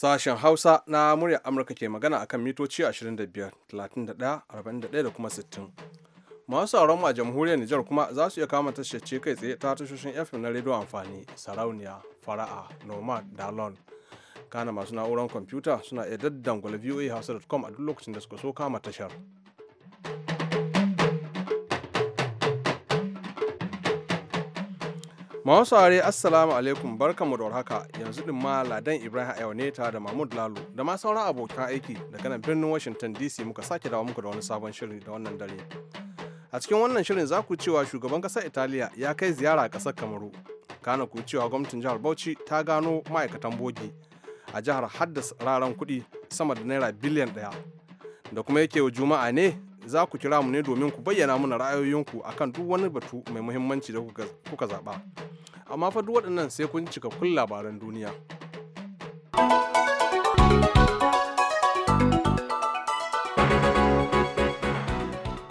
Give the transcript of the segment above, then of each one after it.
Sashen Hausa na murya Amurka ke magana akan mitoci 25, 31, 41 da kuma 60. Masu sauran a jamhuriyar Nijar kuma za su iya kama tashar kai tsaye ta tashoshin FM na rediyo amfani, sarauniya, fara'a, nomad, dalon. Kana masu na'urar kwamfuta suna iya daddan daddangwala hausa.com a duk lokacin da suka so kama tashar. Masu assalamu alaikum barkanmu da warhaka yanzu din ma Ladan Ibrahim Ayo da Mahmud Lalo da ma sauran abokan aiki daga nan birnin Washington DC muka sake dawo muku da wani sabon shirin da wannan dare. A cikin wannan shirin za ku cewa shugaban ƙasar Italiya ya kai ziyara a ƙasar Kamaru. Kana ku cewa gwamnatin jihar Bauchi ta gano ma'aikatan bogi a jihar haddasa raran kuɗi sama da naira biliyan ɗaya. Da kuma yake wa Juma'a ne za ku kira mu ne domin ku bayyana mana ra'ayoyinku akan duk wani batu mai muhimmanci da kuka zaɓa. Amma fa duk waɗannan sai kun cika kun labaran duniya.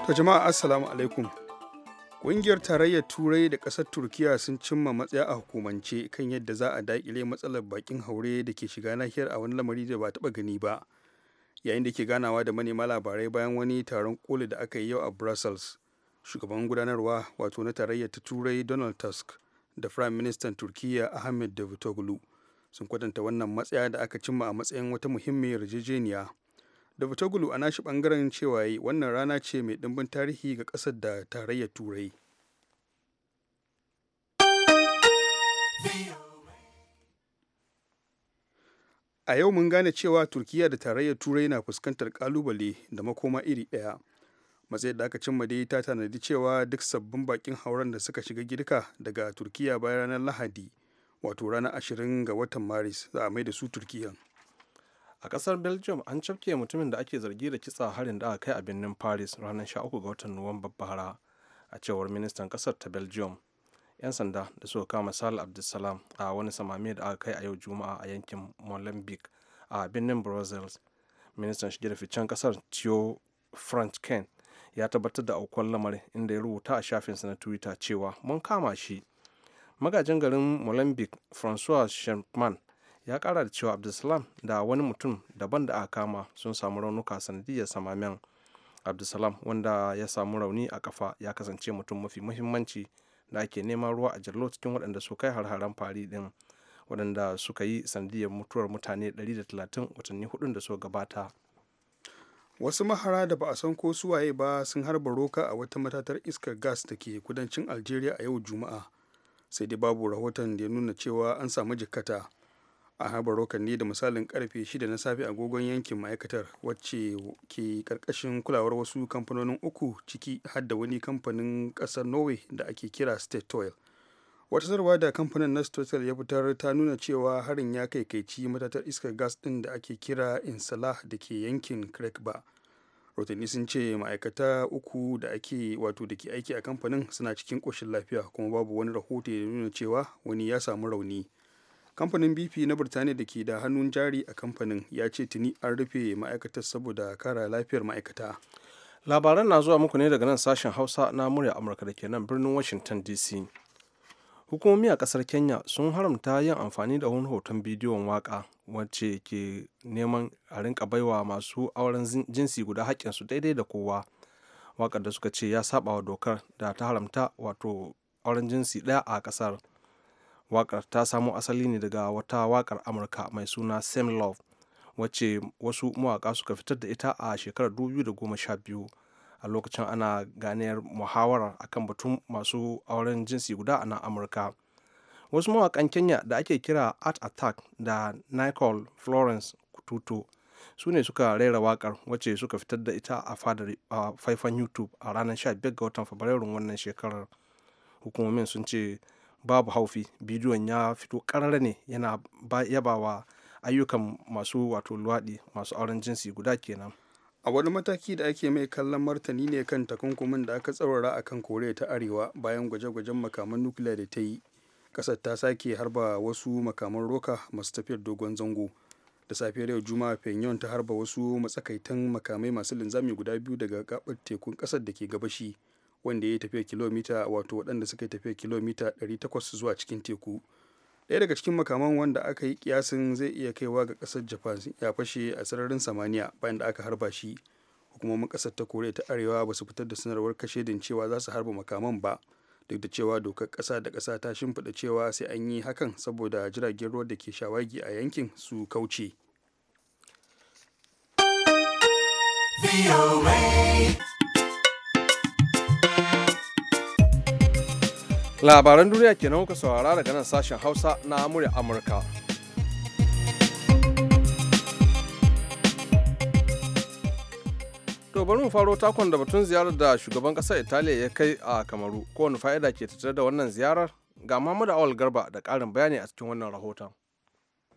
To jama'a assalamu alaikum. Ƙungiyar tarayyar Turai da ƙasar Turkiya sun cimma matsaya a hukumance kan yadda za a daƙile matsalar baƙin haure da ke shiga nahiyar a wani lamari da ba taɓa gani ba. yayin da ke ganawa da manema labarai bayan wani taron koli da aka yi yau a brussels shugaban gudanarwa wato na tarayyar ta turai donald tusk da prime minister turkiyya ahmed davutoglu sun kwatanta wannan matsaya da aka cimma a matsayin wata muhimmiyar yarjejeniya davutoglu a nashi bangaren cewa yi wannan rana ce mai dimbin tarihi ga kasar da tarayyar turai a yau mun gane cewa turkiya da tarayyar turai na fuskantar kalubale da makoma iri daya matsayin da aka cimma dai ta tanadi cewa duk sabbin bakin hauren da suka shiga girka daga turkiya bayan ranar lahadi wato ranar ashirin ga watan maris za a mai da su turkiyan a kasar belgium an cafke mutumin da ake zargi da kitsa harin da aka kai a birnin paris ranar 13 ga watan nuwamba bara a cewar ministan kasar ta belgium 'yan sanda da suka kama sal abdulsalam a wani samame da aka kai a yau juma'a a yankin molenbeek a birnin brussels ministan shige da ficen kasar tio french ken ya tabbatar da aukuwar lamarin inda ya rubuta a shafinsa na twitter cewa mun kama shi magajin garin molenbeek francois shempman ya kara da cewa abdulsalam da wani mutum daban da aka kama sun samu raunuka sanadiyar samamen abdulsalam wanda ya samu rauni a kafa ya kasance mutum mafi muhimmanci da ake neman ruwa a jallo cikin waɗanda su kai har fari din waɗanda suka yi sanadiyar mutuwar mutane 130 watanni hudun da suka gabata wasu mahara da ba a san ko suwaye ba sun harba roka a wata matatar iskar gas da ke kudancin algeria a yau juma'a sai dai babu rahoton da ya nuna cewa an samu jikkata a habar ne da misalin karfe 6 na safe agogon yankin ma'aikatar wacce ke karkashin kulawar wasu kamfanonin uku ciki hadda wani kamfanin kasar norway da ake kira state oil wata sarwa da kamfanin na state ya fitar ta nuna cewa harin ya kai kaici matatar iskar gas din da ake kira insala da ke yankin krekba rotanni sun ce ma'aikata uku da ake wato da ke aiki a kamfanin suna cikin koshin lafiya kuma babu wani rahoto da nuna cewa wani ya samu rauni kamfanin bp na birtaniya da ke da hannun jari a kamfanin ya ce tuni an rufe ma'aikatar saboda kara lafiyar ma'aikata labaran na zuwa muku ne daga nan sashen hausa na murya amurka da ke nan birnin washington dc hukumomi a kasar kenya sun haramta yin amfani da wani hoton bidiyon waka wacce ke neman a rinka baiwa masu auren jinsi guda haƙƙinsu daidai da kowa wakar da suka ce ya saba wa dokar da ta haramta wato auren jinsi ɗaya a ƙasar wakar ta samo asali ne daga wata waƙar amurka mai suna same love wacce wasu mawaƙa suka fitar da ita a shekarar 2012 a lokacin ana ganiyar muhawarar akan batun masu auren jinsi guda a nan amurka wasu mawakan kenya da ake kira art attack da nicole florence kututu su ne suka raira wakar wacce suka fitar da ita a faifan youtube a ranar 15 ga watan fabrairun wannan shekarar hukumomin sun ce babu haufi bidiyon ya fito karara ne yana yabawa ayyukan masu wato luwaɗi masu auren jinsi guda kenan a wani mataki da ake mai kallon martani ne kan takunkumin da aka tsawara a kan koriya ta arewa bayan gwaje-gwajen makaman nukiliya da ta yi ƙasar ta sake harba wasu makaman roka masu tafiyar dogon zango da safiyar yau juma'a fenyon ta harba wasu matsakaitan makamai masu linzami guda biyu daga gabar tekun ƙasar da ke gabashi wanda ya yi tafiya kilomita wato waɗanda suka yi tafiya kilomita 800 zuwa cikin teku ɗaya daga cikin makaman wanda aka yi kiyasin zai iya kaiwa ga ƙasar japan ya fashe a sararin samaniya bayan da aka harba shi hukumomin ƙasar ta koriya ta arewa ba su fitar da sanarwar kashe din cewa za su harba makaman ba duk da cewa dokar ƙasa da ƙasa ta shimfiɗa cewa sai an yi hakan saboda jiragen ruwa da ke shawagi a yankin su kauce. labaran duniya kenan kuka saurara daga nan sashen hausa na murya amurka to bari mu faro takon da batun ziyarar da shugaban kasar italiya ya kai a kamaru kowane fa'ida ke tattare da wannan ziyarar ga mahmud awal garba da ƙarin bayani a cikin wannan rahoton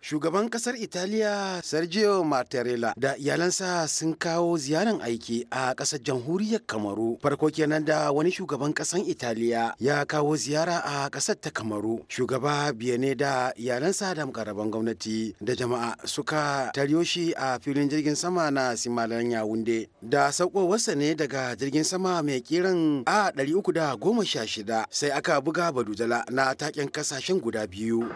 Shugaban kasar Italiya Sergio Mattarella da iyalansa sun kawo ziyaran aiki a kasar jamhuriyar Kamaru. Farko kenan da wani shugaban kasar Italiya ya kawo ziyara a kasar ta Kamaru. Shugaba Biyane da iyalansa da mukarraban gwamnati da jama'a suka taryo shi a filin jirgin sama na Simalan Yawunde. Da saukowarsa ne daga jirgin sama mai kiran A 316 sai aka buga badujala na taken kasashen guda biyu.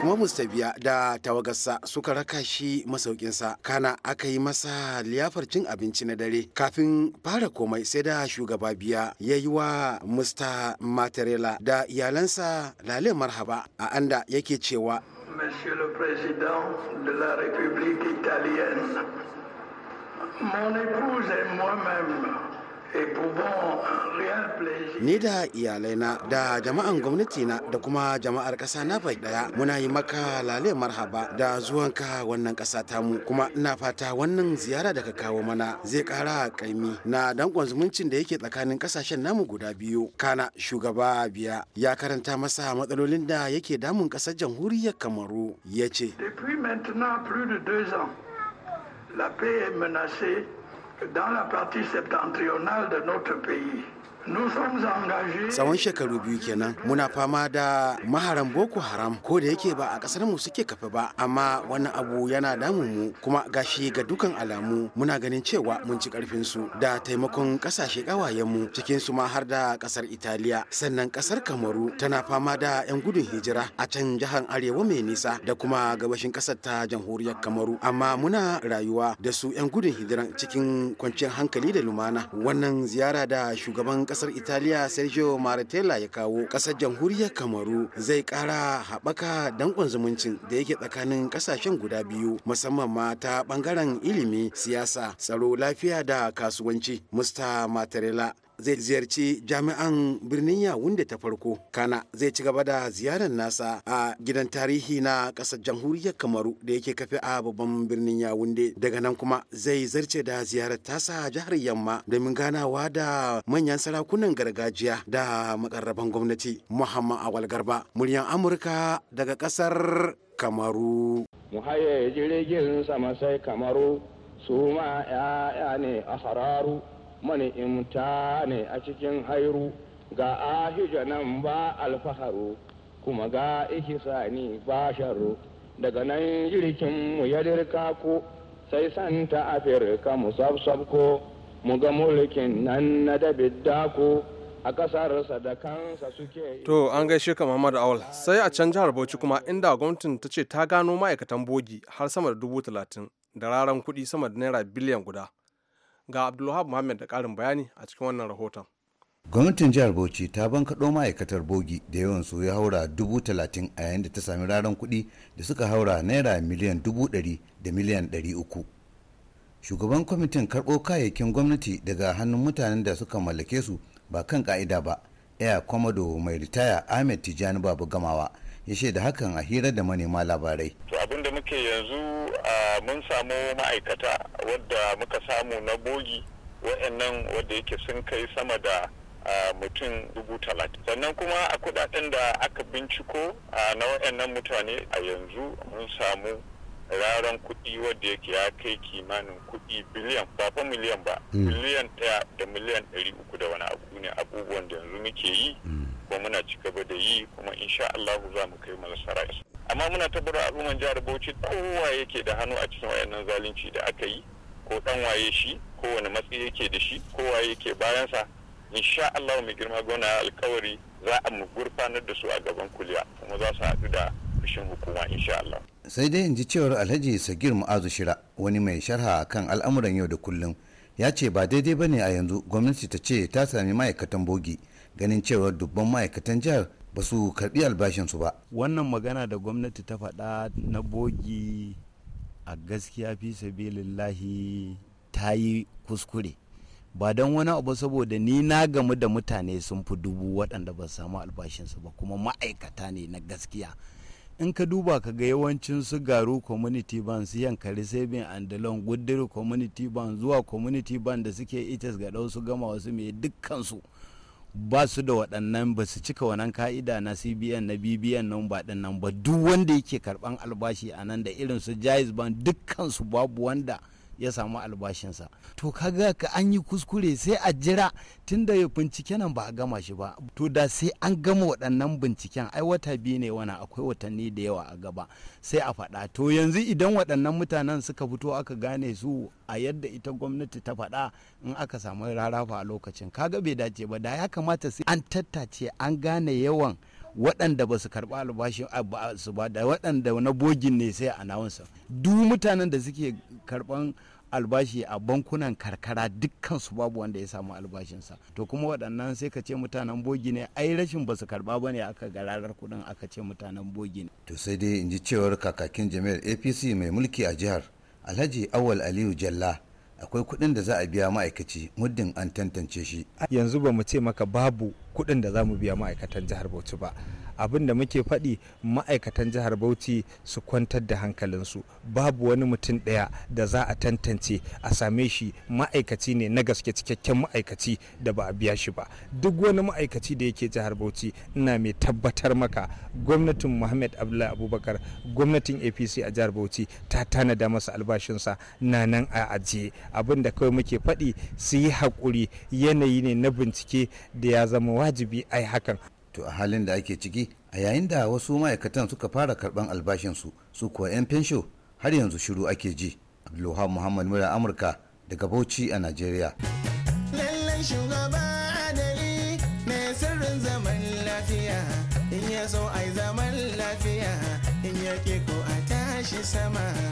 kuma mustabiya da tawagarsa suka raka shi masaukinsa kana aka yi masa liyafar cin abinci na dare kafin fara komai sai da shugaba biya ya yi wa musta matarela da iyalansa lale marhaba a anda yake cewa Monsieur le Président de la République italienne, mon épouse et moi Ni da iyalai na da jama'an gwamnati na da kuma jama'ar ƙasa na bai daya muna yi maka lale marhaba da zuwanka wannan ƙasa tamu kuma ina fata wannan ziyara da ka kawo mana zai kara kaimi na dankon zumuncin da yake tsakanin ƙasashen namu guda biyu. Kana shugaba biya ya karanta masa matsalolin da yake damun ƙasar jamhuriyar Kamaru ya ce. La paix est menacée dans la partie septentrionale de notre pays. Tsawon shekaru biyu kenan muna fama da maharan Boko Haram ko da yake ba a kasar mu suke kafa ba amma wannan abu yana damun mu kuma gashi ga dukan alamu muna ganin cewa mun ci karfin su da taimakon kasashe kawayen mu cikin su ma har da ƙasar Italiya sannan ƙasar Kamaru tana fama da yan gudun hijira a can jihar Arewa mai nisa da kuma gabashin ƙasar ta jamhuriyar Kamaru amma muna rayuwa da su yan gudun hijiran cikin kwanciyar hankali da lumana wannan ziyara da shugaban kasar Italiya Sergio Maratella ya kawo kasar jamhuriyar Kamaru zai kara haɓaka danƙon zumuncin da yake tsakanin kasashen guda biyu musamman ma ta bangaren ilimi, siyasa, tsaro, lafiya da kasuwanci. musta materela zai ziyarci jami'an birnin yawun da ta farko kana zai ci gaba da ziyarar nasa a gidan tarihi na ƙasar jamhuriyar kamaru da yake kafe a babban birnin yawunde daga nan kuma zai zarce da ziyarar tasa jihar yamma domin ganawa da manyan sarakunan gargajiya da makarraban gwamnati muhammad awal garba muryan amurka daga ƙasar kamaru mu sama sai kamaru su ma 'ya'ya ne a hararu mani imta ne a cikin hairu ga ahija nan ba alfaharu kuma ga ihisani ba sharu daga nan jirkin mu ya dirka ku sai santa afirka mu sab ko mu ga mulkin nan na dabidda ku a ƙasarsa da kansa suke to an gaishe ka Muhammad Awal sai a can jihar Bauchi kuma inda gwamnatin ta ce ta gano ma'aikatan bogi har sama da dubu talatin da raran kuɗi sama da naira biliyan guda ga abdulwahab muhammad da karin bayani a cikin wannan rahoton gwamnatin jihar bauchi ta bankaɗo ma'aikatar bogi da yawan su ya haura dubu talatin a yayin da ta sami raran kuɗi da suka haura naira miliyan dubu ɗari da miliyan ɗari uku shugaban kwamitin karɓo kayayyakin gwamnati daga hannun mutanen da suka mallake su ba kan ka'ida ba air komodo mai ritaya ahmed tijjani babu gamawa ya shaida hakan a hira da manema labarai. To abin muke yanzu ah, mun samu ma'aikata wadda muka samu na bogi wa'annan wadda yake sun kai sama da mutum dubu talatin sannan kuma a kudaden da aka binciko na wa'annan mutane a yanzu mun samu raran kuɗi wadda yake ya kai kimanin kuɗi biliyan ba fa miliyan ba hmm. biliyan ɗaya da miliyan ɗari uku da wani abu ne abubuwan da yanzu muke yi hmm. kuma muna ci gaba da yi kuma insha Allah za mu kai mu nasara amma muna tabbatar al'umman jihar Bauchi kowa yake da hannu a cikin wayannan zalunci da aka yi ko dan waye shi ko wani matsayi yake da shi ko waye yake bayansa insha Allah mai girma gona alkawari za a mu gurfanar da su a gaban kuliya kuma za su haɗu da ofishin hukuma insha Allah. Sai dai in ji cewar Alhaji Sagir Mu'azu Shira wani mai sharha kan al'amuran yau da kullum ya ce ba daidai ba ne a yanzu gwamnati ta ce ta sami ma'aikatan bogi ganin cewar dubban ma'aikatan jihar ba su karbi albashinsu ba. Wannan magana da gwamnati ta faɗa na bogi a gaskiya fi sabilillahi ta yi kuskure ba don wani abu saboda ni na gamu da mutane sun fi dubu waɗanda ba samu albashinsu ba kuma ma'aikata ne na gaskiya in ka duba ka ga yawancin su garu community ban su yankari saving and loan guddiri community ban zuwa community ban da suke itis ga su gama wasu mai dukkansu ba su da waɗannan ba su cika wannan ka'ida na cbn na bbn nan ba nan ba duk wanda yake karɓan albashi a nan da irin su jais ban dukkan su babu wanda ya samu albashinsa to kaga ka an yi kuskure sai a jira tunda ya bincike nan ba a gama shi ba to da sai an gama waɗannan binciken ai wata biyu ne wani akwai watanni da yawa a gaba sai a faɗa to yanzu idan waɗannan mutanen suka fito aka gane su a yadda ita gwamnati ta faɗa in aka samu rarafa a lokacin kaga bai dace ba da ya kamata sai an tattace an gane yawan waɗanda ba su karɓa albashin su ba da waɗanda na bogin ne sai a nawansa duk mutanen da suke karɓan albashi a bankunan karkara dukkan su babu wanda ya samu albashinsa to kuma waɗannan sai ka ce mutanen bogi ne ai rashin ba su karɓa ba ne aka gararar kuɗin aka ce mutanen bogi ne to sai dai in ji cewar kakakin jami'ar apc mai mulki a jihar alhaji awal aliyu jalla akwai kuɗin da za a biya ma'aikaci muddin an tantance shi yanzu ba mu ce maka babu kuɗin da za mu biya ma'aikatan jihar bauchi ba abin da muke faɗi ma'aikatan jihar bauchi su kwantar da hankalinsu babu wani mutum ɗaya da za a tantance a same shi ma'aikaci ne na gaske cikakken ma'aikaci da ba a biya shi ba duk wani ma'aikaci da yake jihar bauchi ina mai tabbatar maka gwamnatin muhammad abdullahi abubakar gwamnatin apc a jihar bauchi ta tanada masa albashinsa na nan a ajiye abin da kawai muke faɗi su yi haƙuri yanayi ne na bincike da ya zama wajibi ai hakan to a halin da ake ciki a yayin da wasu ma'aikatan suka fara karban albashinsu su kuwa 'yan fensho har yanzu shiru ake ji abdulluha muhammad mura amurka daga bauchi a nigeria lallai shugaba ne sirrin zaman lafiya in ya ai zaman lafiya in ya a tashi sama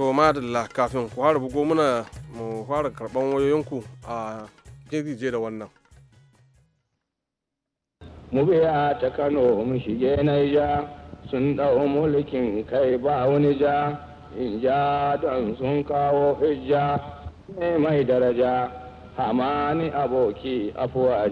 to madalla kafin ku fara bugo muna mu fara karban wayoyinku a jirgije da wannan mu biya ta kano mu shige naija sun ɗau mulkin kai ba wani ja in ja don sun kawo hijja ne mai daraja hamani aboki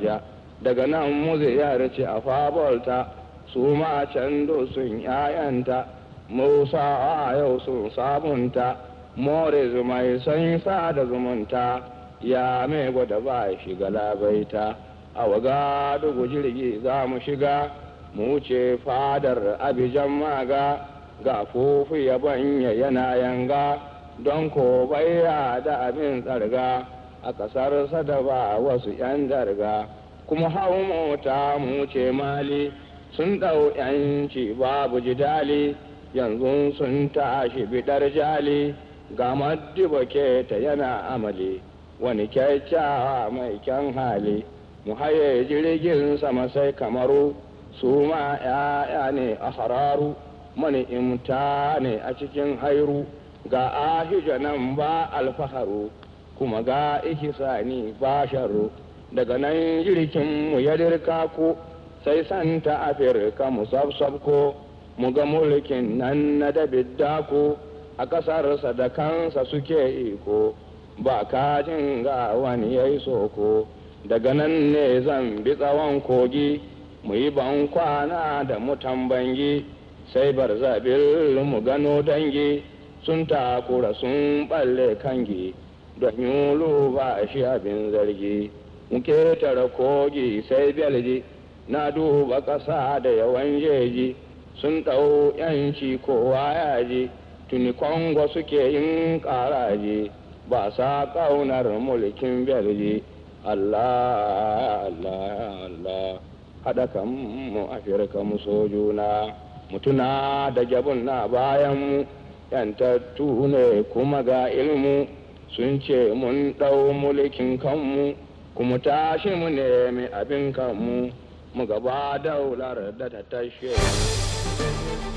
ja daga nan mu ziyarci a fabolta su ma can sun 'ya'yanta musa a yau sun sabunta more zumai sun sa da zumunta ya mai gwada ba shiga labaita a waga dugu jirgi za mu shiga mu ce fadar abijan maga ga fufu ya banya yana yanga don ko baya da abin tsarga a kasar da ba wasu 'yan darga kuma hau mota mu ce mali sun ɗau 'yanci babu jidali yanzu sun tashi biɗar jali ga maddiba ta yana amali wani kyakkyawa mai kyan hali mu haye jirgin sama sai kamaru su ma ‘ya'ya ne a hararu mani imta ne a cikin hairu ga ahija nan ba alfaharu kuma ga ihisani ba sharu daga nan jirgin mu ya dirka ku sai santa afirka mu sabsabko muga mulkin nan na da daku a ƙasarsa da kansa suke iko ba jin ga wani ya yi soko daga nan ne zan bi tsawon kogi mu yi ban da mutan bangi sai zabil mu gano dangi sun takura sun balle kangi don yulu ba shi abin zargi muke tara kogi sai belji na duba ƙasa da yawan jeji sun ɗau yanci kowa ya je tuni kongo suke yin ƙaraje ba sa ƙaunar mulkin belje allah allah allah haɗa kan mu afirka mu sojuna mutuna da jabun na bayan mu yantattu ne kuma ga ilmu sun ce mun ɗau mulkin kanmu kuma tashi mu nemi abin kanmu mu gaba daular da ta tashe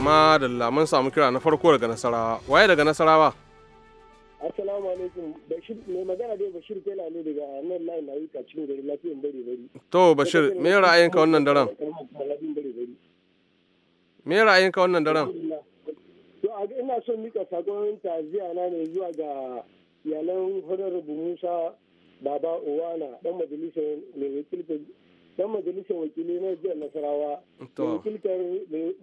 ma da mun samu kira na farko daga Nasarawa. Waye daga Nasarawa? Assalamu alaikum. Bashir mai magana dai Bashir Tela ne daga nan layin na yuka cikin gari lafiyan bari bari. To Bashir, me ra'ayinka wannan daren? Me ra'ayinka wannan daren? To a ga ina son mika sakon taziya na ne zuwa ga iyalan bu Musa Baba Uwana dan majalisar ne wakiltar dan majalisar wakilai na jihar nasarawa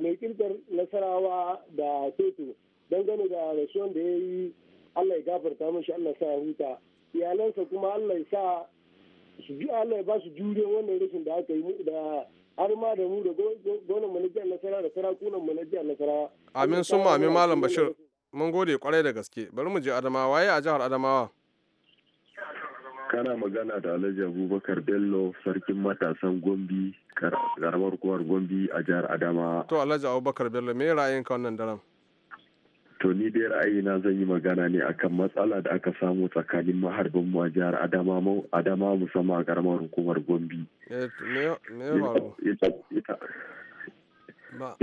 mai kilkar nasarawa da teto dangane da rashon da ya yi allah ya gafarta mashi allah sa huta iyalansa kuma allah ya sa su ji allah ya ba su juriya wannan rashin da aka yi da har ma da mu da gonan mu na jihar nasarawa da sarakunan mu na jihar nasarawa amin sun ma amin malam bashir mun gode kwarai da gaske bari mu je adamawa waye a jihar adamawa kana magana da alhaji abubakar bello sarkin matasan gombi karamar kowar gombi a jihar adama to alhaji abubakar bello me ra'ayinka wannan daren to ni dai ra'ayi na zan yi magana ne akan matsala da aka samu tsakanin maharbin mu a jihar adama musamman a karamar hukumar gombi eh,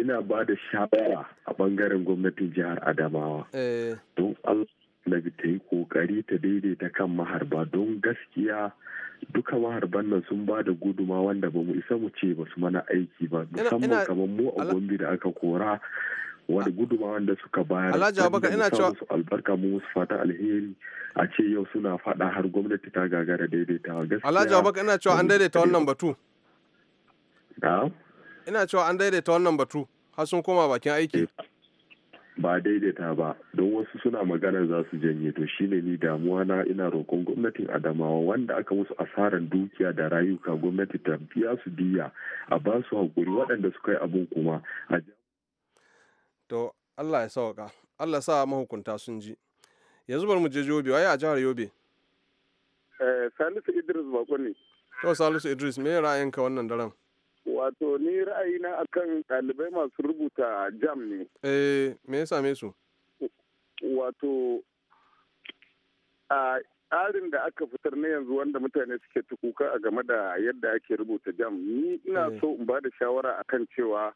ina ba da shawara a bangaren gwamnatin jihar adamawa eh. don labi ta yi kokari ta daidaita kan maharba don gaskiya duka maharban nan sun ba da guduma wanda ba mu isa mu ce ba su mana aiki ba musamman kamar mu a gombe da aka kora wani guduma wanda suka bayar da su albarka mu musu fata alheri a ce yau suna fada har gwamnati ta gagara daidaitawa gaskiya alhaji abubakar ina cewa an daidaita wannan batu ina cewa an daidaita wannan batu har sun koma bakin aiki eh, ba daidaita ba don wasu suna magana za su janye to shine ni damuwa na ina roƙon gwamnatin adamawa wanda aka musu asaran dukiya da rayuka gwamnati ta biya su diya a ba su haƙuri waɗanda suka yi abin kuma a to allah ya sauka allah sa mahukunta sun ji yanzu bar mu je yobe waye a jihar yobe eh, salisu idris bako ne to salisu idris me ra'ayinka wannan daren Wato ni ra'ayina akan ɗalibai masu rubuta jam ne. Eh, me ya same su? Wato, a tsarin da aka fitar na yanzu wanda mutane suke tukuka a game da yadda ake rubuta jam, ni ina eh. so in ba da shawara akan cewa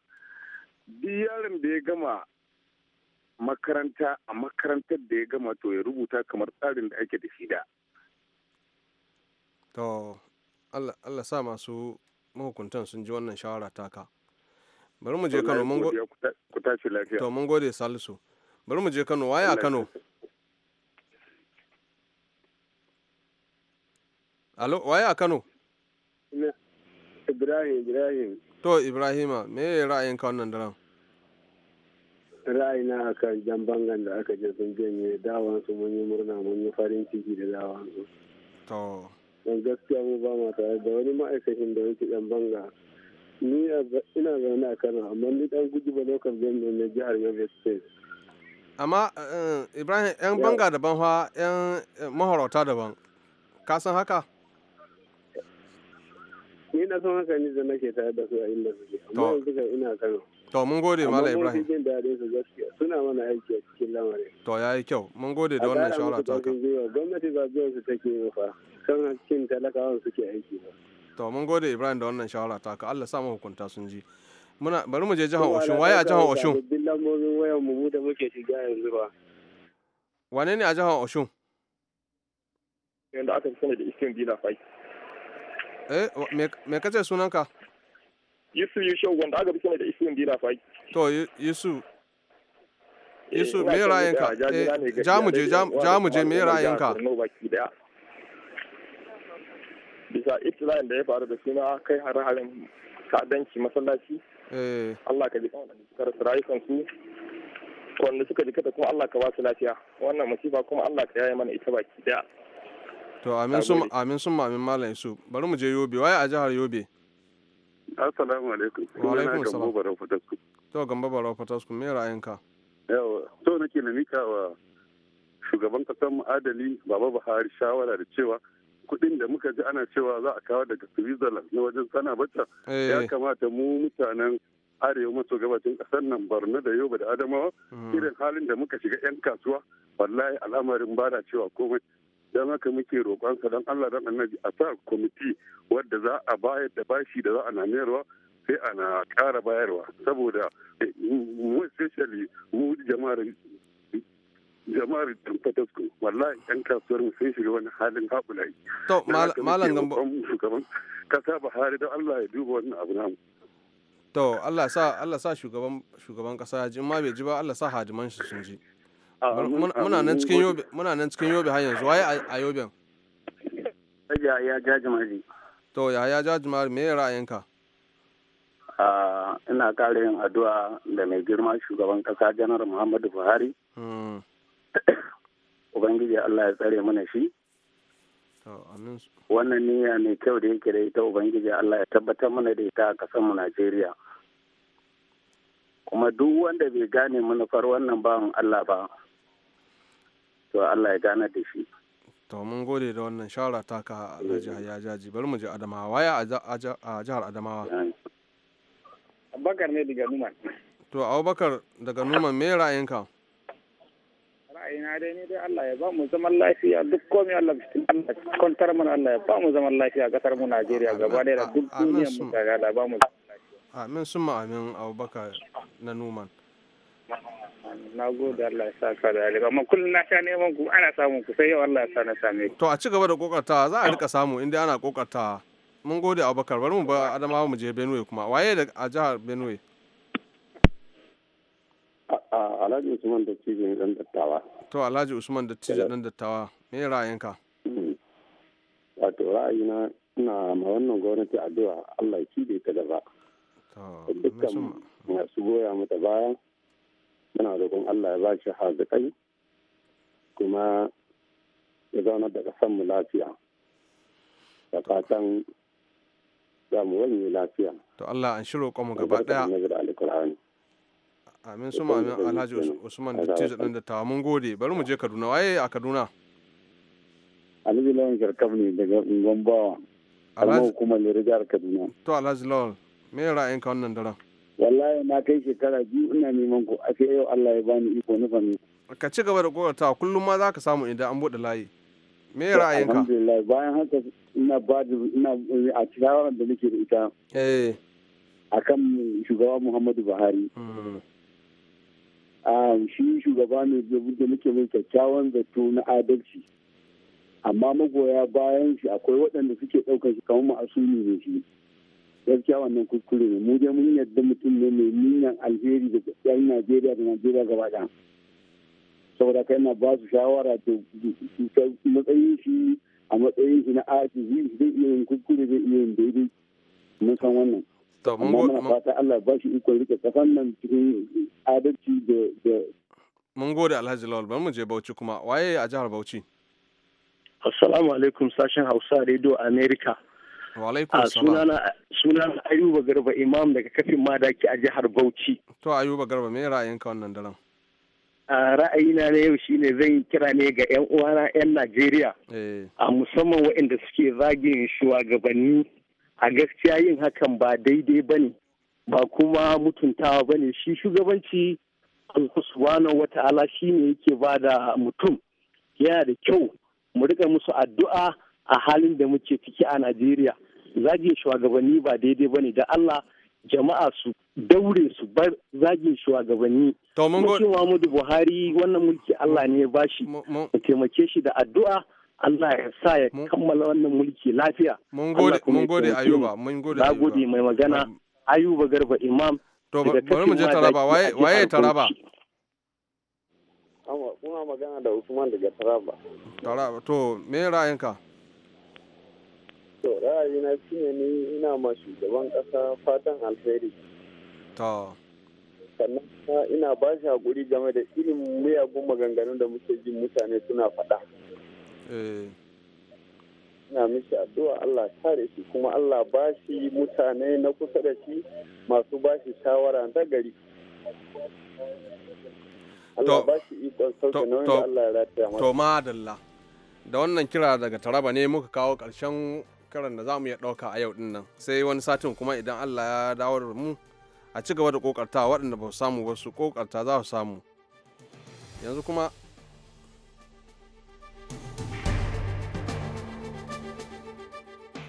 duk yaron da ya gama makaranta a makarantar da ya gama to ya rubuta kamar tsarin da ake da shida Allah sa masu mahukuntan sun ji wannan shawara taka bari mu je kano mun to mun gode salisu bari mu je kano waye a kano alo waye a kano ibrahim ibrahim to ibrahima me ya ra'ayin ka wannan daren ra'ayina a kan jan bangan da aka je sun janye dawansu mun yi murna mun yi farin ciki da dawansu to don gaskiya mu ba mata wani ma'aikacin da yake yan banga ni ina zaune a kano amma ni dan guji ba lokal gwamnati na jihar yobe state amma eh, ibrahim yan banga daban yan eh, mahorota daban ka san haka ni na san haka ni nake tare da su a inda suke amma yanzu ina kano to mun gode ibrahim jin daɗin su gaskiya suna mana da wannan shawara ta ka kan hakkin talakawan suke aiki ba to mun gode ibrahim da wannan shawara ta ka allah sa hukunta sun ji muna bari mu je jihar oshun waye a jihar oshun sabbin lambobin wayar mu da muke shiga yanzu ba wane ne a jihar oshun yanda aka sani da iskin dina fai eh me kace ka yusuf yusuf wanda aka sani da iskin dina fai to yusuf eh, yusuf me ra'ayinka eh, ja mu je ja mu je me ra'ayinka bisa ibtila'in da ya faru da suna kai har harin ta'addanci masallaci eh. Allah ka ji kan wanda suka rayukansu wanda suka jikata kuma Allah ka ba su lafiya wannan masifa kuma Allah ka yaya mana ita baki daya to amin sun amin sun amin malam su bari mu je yobe waye a jihar yobe assalamu alaikum wa alaikum to gamba barau fatasku me ra'ayinka yawa to nake na mika wa shugaban kasar mu adali baba buhari shawara da cewa kuɗin da muka ji ana cewa za a kawo daga switzerland na wajen sana bata eh. ya kamata mu mutanen arewa maso gabashin ƙasar nan barna da yoba da adamawa hmm. irin halin da muka shiga 'yan kasuwa wallahi al'amarin ba da cewa komai don haka muke sa don allah don annabi a sa kwamiti wadda za a bayar da bashi da za a namerwa sai ana kara bayarwa saboda eh, mu especially mu jama'ar jama'ar ɗan fatasko wallahi ɗan kasuwar mu sun shiga wani halin haɓulayi. to malam gambo shugaban kasa buhari don allah ya duba wannan abu namu. to allah sa allah sa shugaban shugaban kasa ji ma bai ji ba allah sa hadiman shi sun ji. muna nan cikin yobe muna nan cikin yobe har yanzu waye a yoben. ya ya jajimari. to ya ya jajimari me ra'ayinka. ina ƙara yin addu'a da mai girma shugaban kasa janar muhammadu buhari hmm. ubangiji Allah ya tsare mana shi wannan niyya mai kyau da yake da ita ubangiji Allah ya tabbatar mana da ita a ƙasar mu Najeriya kuma duk wanda bai gane manufar wannan bawan Allah ba to Allah ya gane da shi to mun gode da wannan shawara ta ka Alhaji Hayya Jaji bari mu je Adamawa waya a jihar Adamawa Abubakar ne daga Numan to Abubakar daga Numan me ra'ayinka ra'ayina dai ni dai Allah ya ba mu zaman lafiya duk komai Allah cikin Allah kwantar mana Allah ya ba mu zaman lafiya a kasar mu Najeriya gaba da duk duniyar mu ga Allah ba mu Amin summa amin Abubakar na Numan. na gode Allah ya saka da alika amma kullum na sha neman ku ana samun ku sai yau Allah ya sa na same to a ci gaba da kokarta za a rika samu inda ana kokarta mun gode Abubakar bari mu ba Adamawa mu je Benue kuma waye da a jihar Benue Alhaji Usman da Cije dan dattawa. To Alhaji Usman da Cije dan dattawa, me ra'ayinka? Hmm. Wato ra'ayina ina ma wannan gwamnati addu'a Allah ki da ta To, Dukkan masu goya mata baya muna roƙon Allah ya ba shi haziƙai kuma ya zauna da ƙasar mu lafiya. Da fatan za mu wani lafiya. To Allah an shiro mu gaba ɗaya. amin su amin alhaji usman dattijo ɗin da tawa mun gode bari mu je kaduna waye a kaduna alhaji lawan karkaf ne daga ungon bawa alhaji kuma lere jihar kaduna to alhaji lawan me ra'ayin ka wannan daren wallahi na kai shekara biyu ina neman ku a yau allah ya bani iko na fami ka ci gaba da korata kullum ma za ka samu idan an buɗe layi me ra'ayin ka alhamdulillah bayan haka ina ba ina a cikin da nake da ita eh. akan shugaba muhammadu buhari hmm. shi shugaba ne da muke mai kyakkyawan zato na adalci amma magoya bayan shi akwai waɗanda suke ɗaukar shi kamar ma'asumi ne shi gaskiya wannan kuskure ne mu dai mun yarda mutum ne mai niyyar alheri da yan najeriya da najeriya gaba ɗaya saboda kai na ba su shawara da matsayin shi a matsayin shi na ajiyi zai iya yin kuskure zai iya yin daidai mun san wannan to mun gode mun fata Allah ba shi ikon rike nan cikin adalci da mun gode Alhaji Lawal ba mu je Bauchi kuma waye a jihar Bauchi Assalamu alaikum sashen Hausa Radio America Wa alaikum ah, salam sunana Ayuba Garba Imam daga kafin madaki a jihar Bauchi to Ayuba Garba me ra'ayinka wannan daren ah, ra'ayina na yau shine zan kira ne ga 'yan uwana 'yan Najeriya eh. a ah, musamman waɗanda suke zagin shugabanni a gaskiya yin hakan ba daidai ba ne ba kuma mutuntawa ba ne shi shugabanci Allah wata ala shi ne yake ba da mutum yana da kyau mu rika musu addu'a a halin da muke ciki a Najeriya zagin shugabanni ba daidai ba ne da Allah jama'a su daure su bar zagin shugabanni. Mutum Muhammadu Buhari wannan mulki Allah ne ya bashi mu taimake shi da addu'a. Allah ya sa ya kammala wannan mulki lafiya. Mun gode Ayuba, mun gode Ayuba. Na gode mai magana Ayuba Garba Imam. To bari mu je Taraba, waye Taraba? Kuna magana da Usman daga Taraba. Taraba, to me ra'ayinka? To ra'ayina shi ne ni ina ma shugaban ƙasa fatan alheri. To. Sannan ina ba shi haƙuri game da irin miyagun maganganun da muke jin mutane suna faɗa. Eh. na miki addu'a Allah kare shi kuma Allah ba shi mutane na kusa da shi masu ba shi shawara ta gari. Allah ba shi Da wannan kira daga Taraba ne muka kawo karshen karan da za mu iya ɗauka a yau ɗin Sai wani satin kuma idan Allah ya dawo da mu a ci gaba da kokarta waɗanda ba su samu ba su kokarta za su samu. Yanzu kuma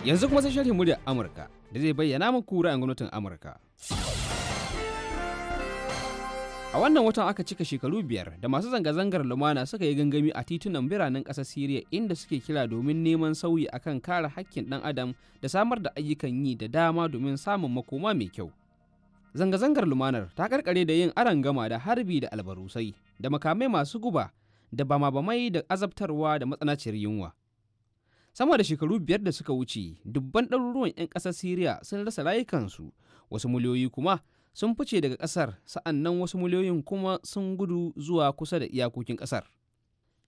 Yanzu kuma sai sharhin muryar Amurka da zai bayyana muku ra'ayin gwamnatin Amurka. A wannan watan aka cika shekaru biyar da masu zanga-zangar lumana suka yi gangami a titunan biranen ƙasar Siriya inda suke kira domin neman sauyi akan kare hakkin ɗan adam da samar da ayyukan yi da dama domin samun makoma mai kyau. zanga-zangar lumanar ta karkare da yin aron gama da harbi da albarusai da makamai masu guba da bama-bamai da azabtarwa da matsanaciyar yunwa sama da shekaru biyar da suka wuce dubban ɗaruruwan 'yan ƙasar siriya sun rasa rayukansu wasu miliyoyi kuma sun fice daga ƙasar sa'annan wasu miliyoyin kuma sun gudu zuwa kusa da iyakokin ƙasar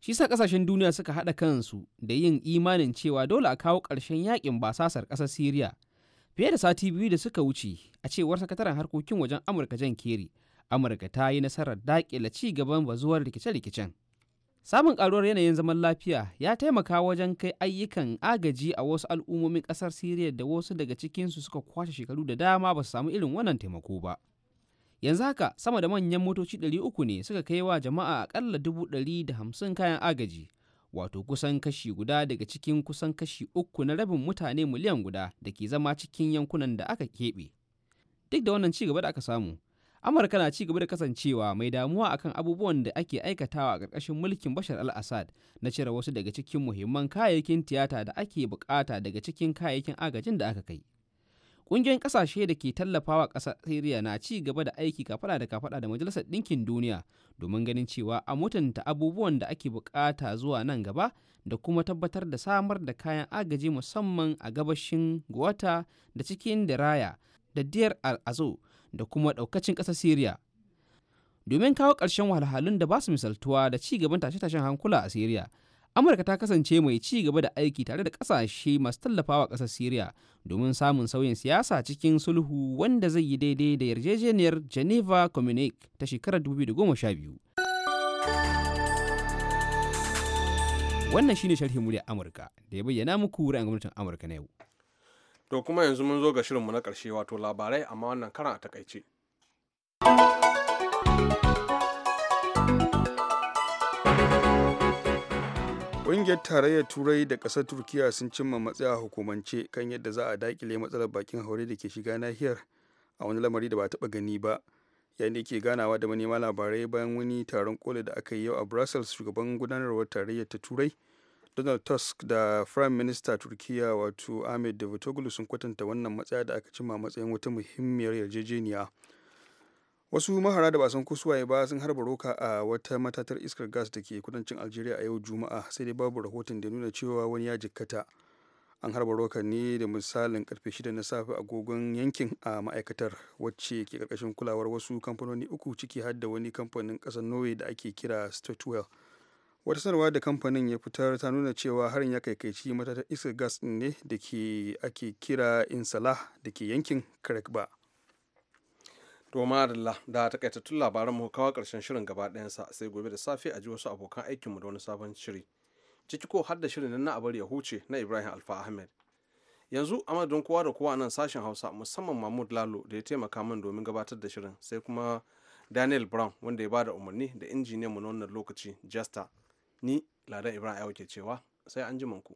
shi sa ƙasashen duniya suka haɗa kansu da yin imanin cewa dole a kawo ƙarshen yaƙin basasar ƙasar siriya fiye da sati biyu da suka wuce a cewar sakataren harkokin wajen amurka jan keri amurka ta yi nasarar daƙila ci gaban bazuwar rikice-rikicen Samun karuwar yanayin zaman lafiya ya taimaka wajen kai ayyukan agaji a wasu al'ummomin ƙasar Siriya da wasu daga cikinsu suka kwashe shekaru da dama ba su samu irin wannan taimako ba. Yanzu haka sama da manyan motoci 300 ne suka kai wa jama'a akalla 150 kayan agaji, wato kusan kashi guda daga cikin kusan kashi uku na rabin mutane miliyan guda da ke zama cikin yankunan da aka keɓe. Duk da wannan ci gaba da aka samu, amurka na ci gaba da kasancewa mai damuwa akan abubuwan da ake aikatawa a ƙarƙashin mulkin bashar al-assad na cire wasu daga cikin muhimman kayayyakin tiyata da ake bukata daga cikin kayayyakin agajin da aka kai ƙungiyar ƙasashe da ke tallafawa ƙasar syria na ci gaba da aiki kafaɗa da kafaɗa da majalisar ɗinkin duniya domin ganin cewa a mutunta abubuwan da ake bukata zuwa nan gaba da kuma tabbatar da samar da kayan agaji musamman a gabashin guwata da cikin diraya da diyar al da kuma ɗaukacin ƙasar Siriya. Domin kawo ƙarshen wahalhalun da ba su misaltuwa da ci gaban tashe-tashen hankula a Siriya, Amurka ta kasance mai ci gaba da aiki tare da ƙasashe masu tallafawa ƙasar Siriya domin samun sauyin siyasa cikin sulhu wanda zai yi daidai da yarjejeniyar Geneva Communique ta shekarar 2012. Wannan shine sharhin muryar Amurka da ya bayyana muku ra'ayin gwamnatin Amurka na yau. To kuma yanzu mun zo ga shirinmu na ƙarshe wato labarai amma wannan karan a takaice. Ƙungiyar tarayyar Turai da ƙasar Turkiya sun cimma matsaya hukumance kan yadda za a daƙile matsalar bakin haure da ke shiga nahiyar a wani lamari da ba taɓa gani ba. yayin da yake ganawa da manema labarai bayan wani taron ƙoli da aka yi yau a brussels shugaban gudanarwar tarayyar ta turai donald tusk da prime minister turkiyya wato ahmed davutoglu sun kwatanta wannan matsaya da aka cima matsayin wata muhimmiyar yarjejeniya wasu mahara da ba san kusuwaye ba sun harba roka a wata matatar iskar gas da ke kudancin algeria a yau juma'a sai dai babu rahoton da nuna cewa wani ya jikkata an harba roka ne da misalin karfe 6 na safe agogon yankin a ma'aikatar wacce ke karkashin kulawar wasu kamfanoni uku ciki har da wani kamfanin kasar norway da ake kira statoil wata sanarwa da kamfanin ya fitar ta nuna cewa harin ya kaikaici ta iskar gas ne da ke ake kira insala da ke yankin ba. to ma'adalla da takaitattun labaran mu kawo karshen shirin gaba sa sai gobe da safe a ji wasu abokan aikinmu da wani sabon shiri ciki ko har da shirin nan na abar ya huce na ibrahim alfa ahmed yanzu amma don kowa da kowa nan sashen hausa musamman mahmud lalo da ya taimaka min domin gabatar da shirin sai kuma daniel brown wanda ya bada umarni da injiniyan mu na wannan lokaci jester ni ladan ibrahim ke cewa sai an ku.